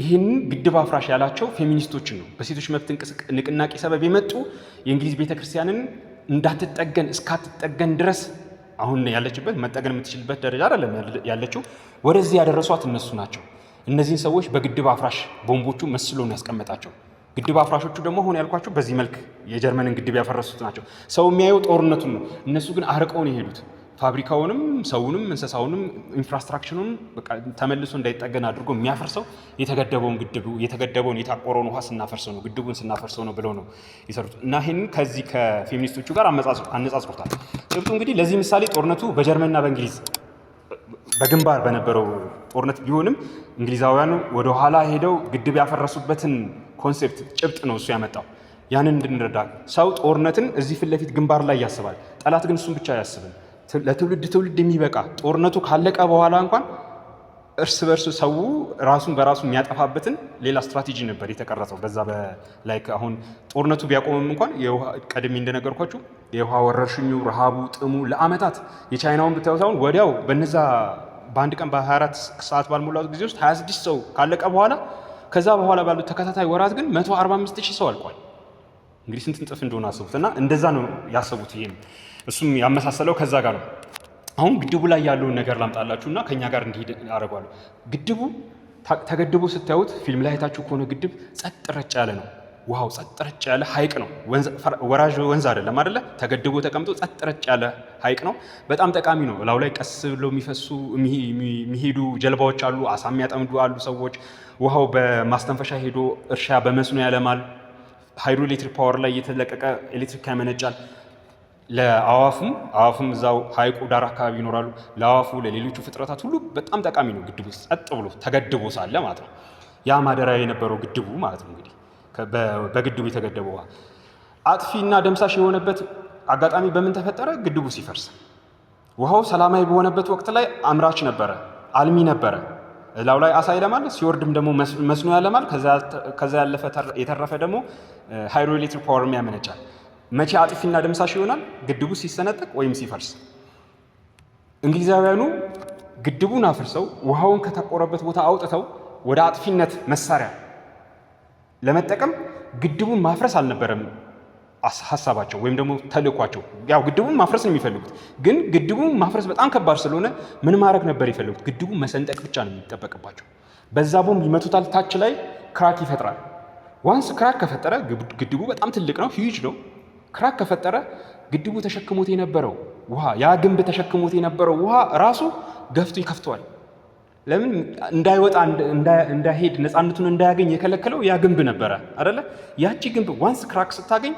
A: ይህን ግድብ አፍራሽ ያላቸው ፌሚኒስቶችን ነው። በሴቶች መብት ንቅናቄ ሰበብ የመጡ የእንግሊዝ ቤተክርስቲያንን እንዳትጠገን እስካትጠገን ድረስ አሁን ያለችበት መጠገን የምትችልበት ደረጃ አይደለም ያለችው። ወደዚህ ያደረሷት እነሱ ናቸው። እነዚህን ሰዎች በግድብ አፍራሽ ቦምቦቹ መስሎ ነው ያስቀመጣቸው። ግድብ አፍራሾቹ ደግሞ አሁን ያልኳቸው በዚህ መልክ የጀርመንን ግድብ ያፈረሱት ናቸው። ሰው የሚያየው ጦርነቱን ነው። እነሱ ግን አርቀውን የሄዱት ፋብሪካውንም ሰውንም እንስሳውንም ኢንፍራስትራክሽኑን ተመልሶ እንዳይጠገን አድርጎ የሚያፈርሰው የተገደበውን ግድቡ የተገደበውን የታቆረውን ውሃ ስናፈርሰው ነው ግድቡን ስናፈርሰው ነው ብለው ነው የሰሩት እና ይህን ከዚህ ከፌሚኒስቶቹ ጋር አነጻጽሮታል። ጭብጡ እንግዲህ ለዚህ ምሳሌ ጦርነቱ በጀርመንና በእንግሊዝ በግንባር በነበረው ጦርነት ቢሆንም እንግሊዛውያኑ ወደኋላ ሄደው ግድብ ያፈረሱበትን ኮንሴፕት ጭብጥ ነው እሱ ያመጣው። ያንን እንድንረዳ ሰው ጦርነትን እዚህ ፊት ለፊት ግንባር ላይ ያስባል። ጠላት ግን እሱን ብቻ አያስብም። ለትውልድ ትውልድ የሚበቃ ጦርነቱ ካለቀ በኋላ እንኳን እርስ በርስ ሰው ራሱን በራሱ የሚያጠፋበትን ሌላ ስትራቴጂ ነበር የተቀረጸው። በዛ ላይ አሁን ጦርነቱ ቢያቆምም እንኳን ቀድሜ እንደነገርኳችሁ የውሃ ወረርሽኙ፣ ረሃቡ፣ ጥሙ ለአመታት የቻይናውን ብታዩት አሁን ወዲያው በነዛ በአንድ ቀን በ24 ሰዓት ባልሞላ ጊዜ ውስጥ 26 ሰው ካለቀ በኋላ ከዛ በኋላ ባሉት ተከታታይ ወራት ግን 145 ሺህ ሰው አልቋል። እንግዲህ ስንት እንጥፍ እንደሆነ አስቡት። እና እንደዛ ነው ያሰቡት። ይሄን እሱም ያመሳሰለው ከዛ ጋር ነው። አሁን ግድቡ ላይ ያለውን ነገር ላምጣላችሁ እና ከኛ ጋር እንዲሄድ አደርገዋለሁ። ግድቡ ተገድቦ ስታዩት ፊልም ላይ አይታችሁ ከሆነ ግድብ ጸጥ ረጭ ያለ ነው። ውሃው ጸጥ ረጭ ያለ ሐይቅ ነው። ወራጅ ወንዝ አይደለም አይደለ? ተገድቦ ተቀምጦ ጸጥ ረጭ ያለ ሐይቅ ነው። በጣም ጠቃሚ ነው። እላው ላይ ቀስ ብለው የሚፈሱ የሚሄዱ ጀልባዎች አሉ። አሳ የሚያጠምዱ አሉ ሰዎች። ውሃው በማስተንፈሻ ሄዶ እርሻ በመስኖ ያለማል። ሃይድሮ ኤሌክትሪክ ፓወር ላይ እየተለቀቀ ኤሌክትሪክ ያመነጫል። ለአዋፍም አዋፍም እዛው ሀይቁ ዳር አካባቢ ይኖራሉ። ለአዋፉ ለሌሎቹ ፍጥረታት ሁሉ በጣም ጠቃሚ ነው ግድቡ ጸጥ ብሎ ተገድቦ ሳለ ማለት ነው። ያ ማደሪያ የነበረው ግድቡ ማለት ነው። እንግዲህ በግድቡ የተገደበ ውሃ አጥፊና ደምሳሽ የሆነበት አጋጣሚ በምን ተፈጠረ? ግድቡ ሲፈርስ ውሃው ሰላማዊ በሆነበት ወቅት ላይ አምራች ነበረ፣ አልሚ ነበረ። እላው ላይ አሳ ይለማል፣ ሲወርድም ደግሞ መስኖ ያለማል። ከዛ ያለፈ የተረፈ ደግሞ ሃይድሮ ኤሌክትሪክ ፓወርም ያመነጫል። መቼ አጥፊና ደምሳሽ ይሆናል? ግድቡ ሲሰነጠቅ ወይም ሲፈርስ። እንግሊዛውያኑ ግድቡን አፍርሰው ውሃውን ከተቆረበት ቦታ አውጥተው ወደ አጥፊነት መሳሪያ ለመጠቀም ግድቡን ማፍረስ አልነበረም ሀሳባቸው ወይም ደግሞ ተልኳቸው ያው ግድቡን ማፍረስ ነው የሚፈልጉት። ግን ግድቡ ማፍረስ በጣም ከባድ ስለሆነ ምን ማድረግ ነበር የፈለጉት? ግድቡ መሰንጠቅ ብቻ ነው የሚጠበቅባቸው። በዛ ቦምብ ይመቱታል። ታች ላይ ክራክ ይፈጥራል። ዋንስ ክራክ ከፈጠረ ግድቡ በጣም ትልቅ ነው፣ ሂዩጅ ነው። ክራክ ከፈጠረ ግድቡ ተሸክሞት የነበረው ውሃ ያ ግንብ ተሸክሞት የነበረው ውሃ ራሱ ገፍቶ ይከፍተዋል። ለምን እንዳይወጣ እንዳይሄድ ነፃነቱን እንዳያገኝ የከለከለው ያ ግንብ ነበረ አደለ? ያቺ ግንብ ዋንስ ክራክ ስታገኝ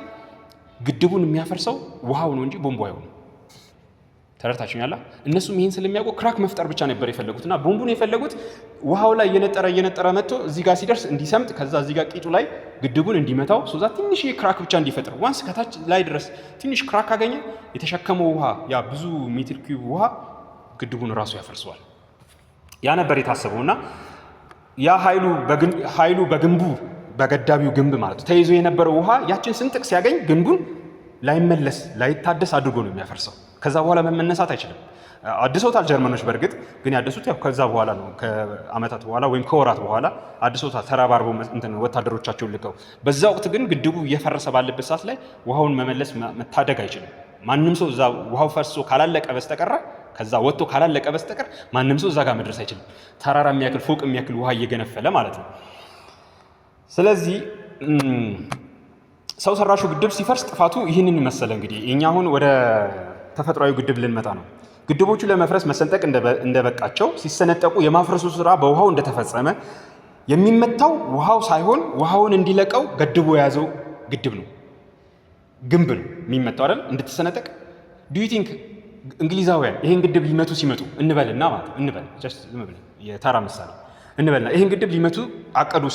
A: ግድቡን የሚያፈርሰው ውሃው ነው እንጂ ቦምቡ አይሆንም። ተረድታችሁኛል? እነሱም ይህን ስለሚያውቁ ክራክ መፍጠር ብቻ ነበር የፈለጉት እና ቦምቡን የፈለጉት ውሃው ላይ እየነጠረ እየነጠረ መጥቶ እዚህ ጋር ሲደርስ እንዲሰምጥ፣ ከዛ እዚህ ጋር ቂጡ ላይ ግድቡን እንዲመታው፣ ሶዛ ትንሽ ክራክ ብቻ እንዲፈጥር። ዋንስ ከታች ላይ ድረስ ትንሽ ክራክ ካገኘ የተሸከመው ውሃ ያ ብዙ ሜትር ኪዩብ ውሃ ግድቡን ራሱ ያፈርሰዋል። ያ ነበር የታሰበው እና ያ ኃይሉ በግንቡ በገዳቢው ግንብ ማለት ነው ተይዞ የነበረው ውሃ ያችን ስንጥቅ ሲያገኝ ግንቡን ላይመለስ ላይታደስ አድርጎ ነው የሚያፈርሰው። ከዛ በኋላ መመነሳት አይችልም። አድሶታል ጀርመኖች። በእርግጥ ግን ያደሱት ያው ከዛ በኋላ ነው ከአመታት በኋላ ወይም ከወራት በኋላ አድሶታል፣ ተረባርበው ወታደሮቻቸውን ልከው። በዛ ወቅት ግን ግድቡ እየፈረሰ ባለበት ሰዓት ላይ ውሃውን መመለስ መታደግ አይችልም። ማንም ሰው እዛ ውሃው ፈርሶ ካላለቀ በስተቀረ ከዛ ወጥቶ ካላለቀ በስተቀር ማንም ሰው እዛ ጋር መድረስ አይችልም። ተራራ የሚያክል ፎቅ የሚያክል ውሃ እየገነፈለ ማለት ነው። ስለዚህ ሰው ሰራሹ ግድብ ሲፈርስ ጥፋቱ ይህንን መሰለ። እንግዲህ እኛ አሁን ወደ ተፈጥሯዊ ግድብ ልንመጣ ነው። ግድቦቹ ለመፍረስ መሰንጠቅ እንደበቃቸው ሲሰነጠቁ የማፍረሱ ስራ በውሃው እንደተፈጸመ የሚመታው ውሃው ሳይሆን ውሃውን እንዲለቀው ገድቡ የያዘው ግድብ ነው፣ ግንብ ነው የሚመታው አይደል? እንድትሰነጠቅ ዱዩቲንክ እንግሊዛውያን ይህን ግድብ ሊመቱ ሲመጡ እንበልና ማለት እንበል ተራ ምሳሌ እንበልና ይህን ግድብ ሊመቱ አቀዱ።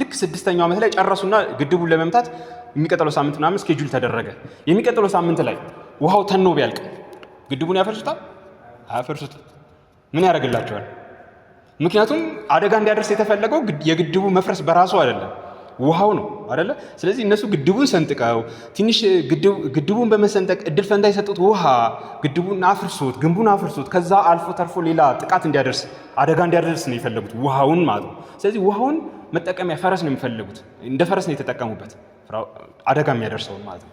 A: ልክ ስድስተኛው ዓመት ላይ ጨረሱና ግድቡን ለመምታት የሚቀጥለው ሳምንት ምናምን ስኬጁል ተደረገ። የሚቀጥለው ሳምንት ላይ ውሃው ተኖ ቢያልቅ ግድቡን ያፈርሱታል? አያፈርሱትም። ምን ያደርግላቸዋል? ምክንያቱም አደጋ እንዲያደርስ የተፈለገው የግድቡ መፍረስ በራሱ አይደለም። ውሃው ነው አደለ? ስለዚህ እነሱ ግድቡን ሰንጥቀው ትንሽ ግድቡን በመሰንጠቅ እድል ፈንታ የሰጡት ውሃ ግድቡን አፍርሱት፣ ግንቡን አፍርሱት፣ ከዛ አልፎ ተርፎ ሌላ ጥቃት እንዲያደርስ አደጋ እንዲያደርስ ነው የፈለጉት ውሃውን ማለት ነው። ስለዚህ ውሃውን መጠቀሚያ ፈረስ ነው የሚፈልጉት። እንደ ፈረስ ነው የተጠቀሙበት አደጋ የሚያደርሰውን ማለት ነው።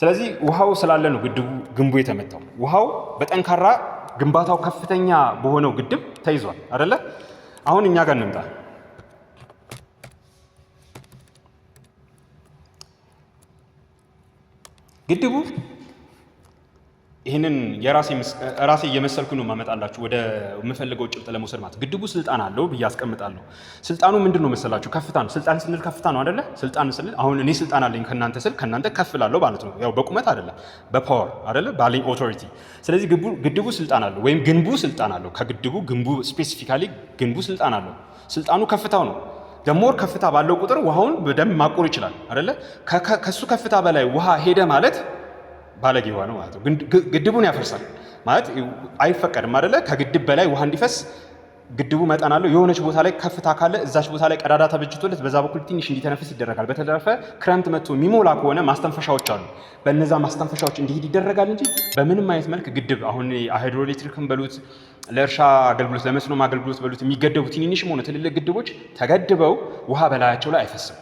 A: ስለዚህ ውሃው ስላለ ነው ግድቡ ግንቡ የተመታው። ውሃው በጠንካራ ግንባታው ከፍተኛ በሆነው ግድብ ተይዟል አደለ? አሁን እኛ ጋር እንምጣ። ግድቡ ይህንን ራሴ እየመሰልኩ ነው ማመጣላችሁ ወደ የምፈልገው ጭብጥ ለመውሰድ ማለት ግድቡ ስልጣን አለው ብዬ አስቀምጣለሁ። ስልጣኑ ምንድን ነው መሰላችሁ? ከፍታ ነው። ስልጣን ስንል ከፍታ ነው አደለ? ስልጣን ስንል አሁን እኔ ስልጣን አለኝ ከእናንተ ስል ከእናንተ ከፍ ላለሁ ማለት ነው። ያው በቁመት አደለ፣ በፓወር አደለ? ባለኝ ኦቶሪቲ። ስለዚህ ግድቡ ስልጣን አለው ወይም ግንቡ ስልጣን አለው። ከግድቡ ግንቡ ስፔሲፊካሊ ግንቡ ስልጣን አለው። ስልጣኑ ከፍታው ነው። ደሞር ከፍታ ባለው ቁጥር ውሃውን በደንብ ማቆር ይችላል አይደለ? ከሱ ከፍታ በላይ ውሃ ሄደ ማለት ባለጌ ውሃ ነው ማለት ነው። ግድቡን ያፈርሳል ማለት አይፈቀድም አይደለ? ከግድብ በላይ ውሃ እንዲፈስ ግድቡ መጠን አለው። የሆነች ቦታ ላይ ከፍታ ካለ እዛች ቦታ ላይ ቀዳዳ ተበጅቶለት በዛ በኩል ትንሽ እንዲተነፍስ ይደረጋል። በተረፈ ክረምት መጥቶ የሚሞላ ከሆነ ማስተንፈሻዎች አሉ። በነዛ ማስተንፈሻዎች እንዲሄድ ይደረጋል እንጂ በምንም አይነት መልክ ግድብ አሁን ሃይድሮኤሌክትሪክን በሉት ለእርሻ አገልግሎት ለመስኖም አገልግሎት በሉት የሚገደቡ ትንንሽም ሆነ ትልልቅ ግድቦች ተገድበው ውሃ በላያቸው ላይ አይፈስም።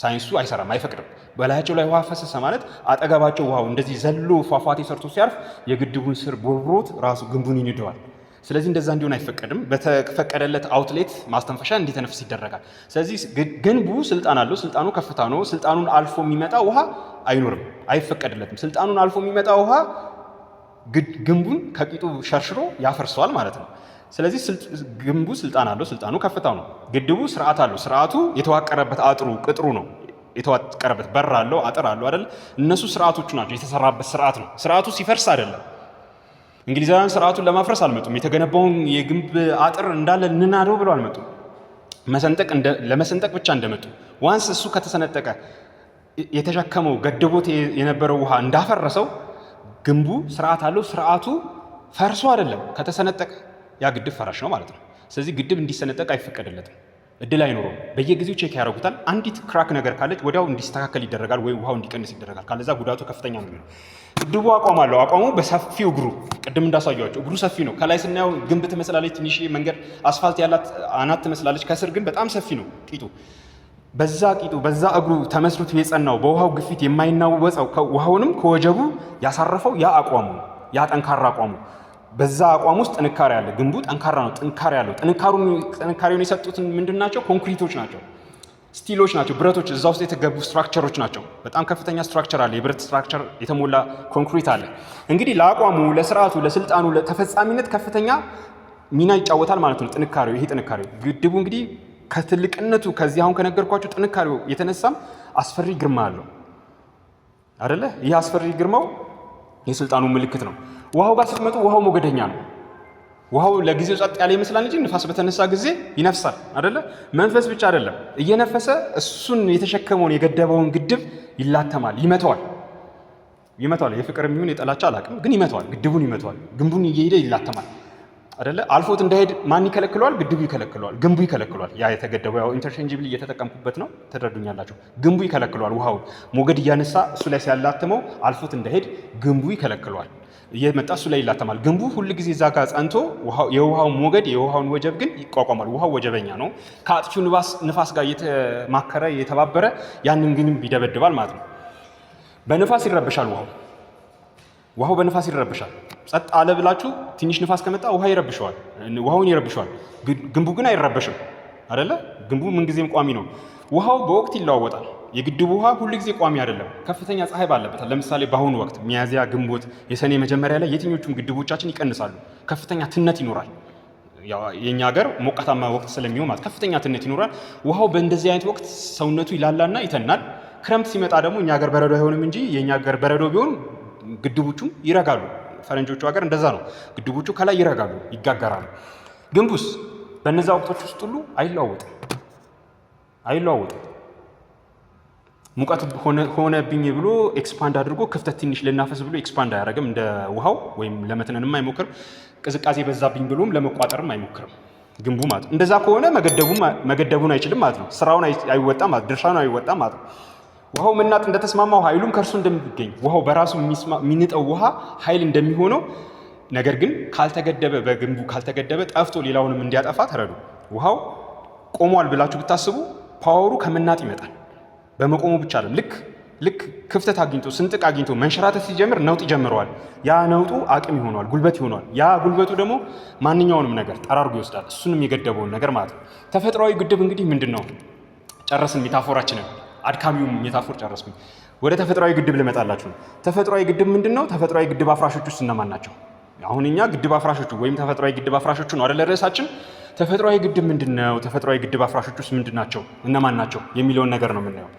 A: ሳይንሱ አይሰራም፣ አይፈቅድም። በላያቸው ላይ ውሃ ፈሰሰ ማለት አጠገባቸው ውሃው እንደዚህ ዘሎ ፏፏቴ ሰርቶ ሲያርፍ የግድቡን ስር ቦርብሮት ራሱ ግንቡን ይንደዋል። ስለዚህ እንደዛ እንዲሆን አይፈቀድም። በተፈቀደለት አውትሌት ማስተንፈሻ እንዲተነፍስ ይደረጋል። ስለዚህ ግንቡ ስልጣን አለው፣ ስልጣኑ ከፍታ ነው። ስልጣኑን አልፎ የሚመጣ ውሃ አይኖርም፣ አይፈቀድለትም። ስልጣኑን አልፎ የሚመጣ ውሃ ግንቡን ከቂጡ ሸርሽሮ ያፈርሰዋል ማለት ነው። ስለዚህ ግንቡ ስልጣን አለው፣ ስልጣኑ ከፍታው ነው። ግድቡ ስርዓት አለው፣ ስርዓቱ የተዋቀረበት አጥሩ ቅጥሩ ነው የተዋቀረበት በር አለው፣ አጥር አለው አይደል? እነሱ ስርዓቶቹ ናቸው። የተሰራበት ስርዓት ነው። ስርዓቱ ሲፈርስ አይደለም እንግሊዛውያን ስርዓቱን ለማፍረስ አልመጡም። የተገነባውን የግንብ አጥር እንዳለ እንናደው ብለው አልመጡም። መሰንጠቅ ለመሰንጠቅ ብቻ እንደመጡ ዋንስ እሱ ከተሰነጠቀ የተሸከመው ገድቦት የነበረው ውሃ እንዳፈረሰው ግንቡ ስርዓት አለው። ስርዓቱ ፈርሶ አይደለም ከተሰነጠቀ ያ ግድብ ፈራሽ ነው ማለት ነው። ስለዚህ ግድብ እንዲሰነጠቅ አይፈቀድለትም። እድል አይኖረውም። በየጊዜው ቼክ ያደርጉታል። አንዲት ክራክ ነገር ካለች ወዲያው እንዲስተካከል ይደረጋል፣ ወይም ውሃው እንዲቀንስ ይደረጋል። ካለዛ ጉዳቱ ከፍተኛ ነው ግድቡ አቋም አለው። አቋሙ በሰፊው እግሩ ቅድም እንዳሳያቸው እግሩ ሰፊ ነው። ከላይ ስናየው ግንብ ትመስላለች፣ ትንሽ መንገድ አስፋልት ያላት አናት ትመስላለች። ከስር ግን በጣም ሰፊ ነው ቂጡ። በዛ ቂጡ በዛ እግሩ ተመስርቶ የጸናው በውሃው ግፊት የማይናወፀው ውሃውንም ከወጀቡ ያሳረፈው ያ አቋሙ ያ ጠንካራ አቋሙ በዛ አቋም ውስጥ ጥንካሬ አለ። ግንቡ ጠንካራ ነው፣ ጥንካሬ አለው። ጥንካሬውን የሰጡት ምንድን ናቸው? ኮንክሪቶች ናቸው፣ ስቲሎች ናቸው፣ ብረቶች፣ እዛ ውስጥ የተገቡ ስትራክቸሮች ናቸው። በጣም ከፍተኛ ስትራክቸር አለ፣ የብረት ስትራክቸር የተሞላ ኮንክሪት አለ። እንግዲህ ለአቋሙ፣ ለስርዓቱ፣ ለስልጣኑ፣ ለተፈጻሚነት ከፍተኛ ሚና ይጫወታል ማለት ነው ጥንካሬው። ይሄ ጥንካሬው ግድቡ እንግዲህ ከትልቅነቱ ከዚህ አሁን ከነገርኳቸው ጥንካሬው የተነሳም አስፈሪ ግርማ አለው አደለ? ይህ አስፈሪ ግርማው የስልጣኑ ምልክት ነው። ውሃው ጋር ስትመጡ ውሃው ሞገደኛ ነው። ውሃው ለጊዜው ጸጥ ያለ ይመስላል እንጂ ንፋስ በተነሳ ጊዜ ይነፍሳል አደለ? መንፈስ ብቻ አይደለም እየነፈሰ እሱን የተሸከመውን የገደበውን ግድብ ይላተማል፣ ይመተዋል ይመተዋል። የፍቅር የሚሆን የጠላቻ አላቅም፣ ግን ይመተዋል፣ ግድቡን ይመተዋል። ግንቡን እየሄደ ይላተማል አደለ? አልፎት እንዳይሄድ ማን ይከለክለዋል? ግድቡ ይከለክለዋል፣ ግንቡ ይከለክለዋል። ያ የተገደበው ያው ኢንተርቼንጅብል እየተጠቀምኩበት ነው፣ ተረዱኛላችሁ። ግንቡ ይከለክለዋል። ውሃውን ሞገድ እያነሳ እሱ ላይ ሲያላትመው አልፎት እንዳይሄድ ግንቡ ይከለክለዋል። እየመጣ እሱ ላይ ይላተማል። ግንቡ ሁል ጊዜ እዛ ጋር ጸንቶ የውሃው ሞገድ የውሃውን ወጀብ ግን ይቋቋማል። ውሃው ወጀበኛ ነው። ከአጥፊው ንፋስ ጋር እየተማከረ እየተባበረ ያንን ግንብ ይደበድባል ማለት ነው። በንፋስ ይረብሻል ውሃው ውሃው በንፋስ ይረብሻል። ጸጥ አለ ብላችሁ ትንሽ ንፋስ ከመጣ ውሃ ይረብሸዋል፣ ውሃውን ይረብሸዋል። ግንቡ ግን አይረበሽም አይደለ? ግንቡ ምንጊዜም ቋሚ ነው። ውሃው በወቅት ይለዋወጣል። የግድቡ ውሃ ሁሉ ጊዜ ቋሚ አይደለም፣ ከፍተኛ ፀሐይ ባለበታል። ለምሳሌ በአሁኑ ወቅት ሚያዚያ፣ ግንቦት፣ የሰኔ መጀመሪያ ላይ የትኞቹም ግድቦቻችን ይቀንሳሉ፣ ከፍተኛ ትነት ይኖራል። የኛ ሀገር ሞቃታማ ወቅት ስለሚሆን ማለት ከፍተኛ ትነት ይኖራል። ውሃው በእንደዚህ አይነት ወቅት ሰውነቱ ይላላና ይተናል። ክረምት ሲመጣ ደግሞ እኛ ሀገር በረዶ አይሆንም እንጂ የእኛ ሀገር በረዶ ቢሆን ግድቦቹ ይረጋሉ። ፈረንጆቹ ሀገር እንደዛ ነው። ግድቦቹ ከላይ ይረጋሉ፣ ይጋገራሉ። ግንቡስ በእነዛ ወቅቶች ውስጥ ሁሉ አይለዋወጥም አይለዋወጥም። ሙቀት ሆነብኝ ብሎ ኤክስፓንድ አድርጎ ክፍተት ትንሽ ልናፈስ ብሎ ኤክስፓንድ አያደርግም። እንደ ውሃው ወይም ለመትነንም አይሞክርም። ቅዝቃዜ በዛብኝ ብሎም ለመቋጠርም አይሞክርም ግንቡ ማለት ነው። እንደዛ ከሆነ መገደቡን አይችልም ማለት ነው። ስራውን አይወጣም ማለት ድርሻውን አይወጣም ማለት ነው። ውሃው መናጥ እንደተስማማው ኃይሉም ከእርሱ እንደሚገኝ ውሃው በራሱ የሚንጠው ውሃ ኃይል እንደሚሆነው ነገር ግን ካልተገደበ በግንቡ ካልተገደበ ጠፍቶ ሌላውንም እንዲያጠፋ ተረዱ። ውሃው ቆሟል ብላችሁ ብታስቡ ፓወሩ ከመናጥ ይመጣል። በመቆሙ ብቻ አይደለም። ልክ ልክ ክፍተት አግኝቶ ስንጥቅ አግኝቶ መንሸራተት ሲጀምር ነውጥ ይጀምረዋል። ያ ነውጡ አቅም ይሆኗል፣ ጉልበት ይሆኗል። ያ ጉልበቱ ደግሞ ማንኛውንም ነገር ጠራርጎ ይወስዳል። እሱንም የገደበውን ነገር ማለት ነው። ተፈጥሯዊ ግድብ እንግዲህ ምንድን ነው? ጨረስን ሜታፎራችንን፣ አድካሚውም ሜታፎር ጨረስን። ወደ ተፈጥሯዊ ግድብ ልመጣላችሁ ነው። ተፈጥሯዊ ግድብ ምንድን ነው? ተፈጥሯዊ ግድብ አፍራሾች ውስጥ እነማን ናቸው? አሁን እኛ ግድብ አፍራሾቹ ወይም ተፈጥሯዊ ግድብ አፍራሾቹ ነው አደለ ርዕሳችን። ተፈጥሯዊ ግድብ ምንድን ነው? ተፈጥሯዊ ግድብ አፍራሾች ውስጥ ምንድን ናቸው? እነማን ናቸው? የሚለውን ነገር ነው የምናየው።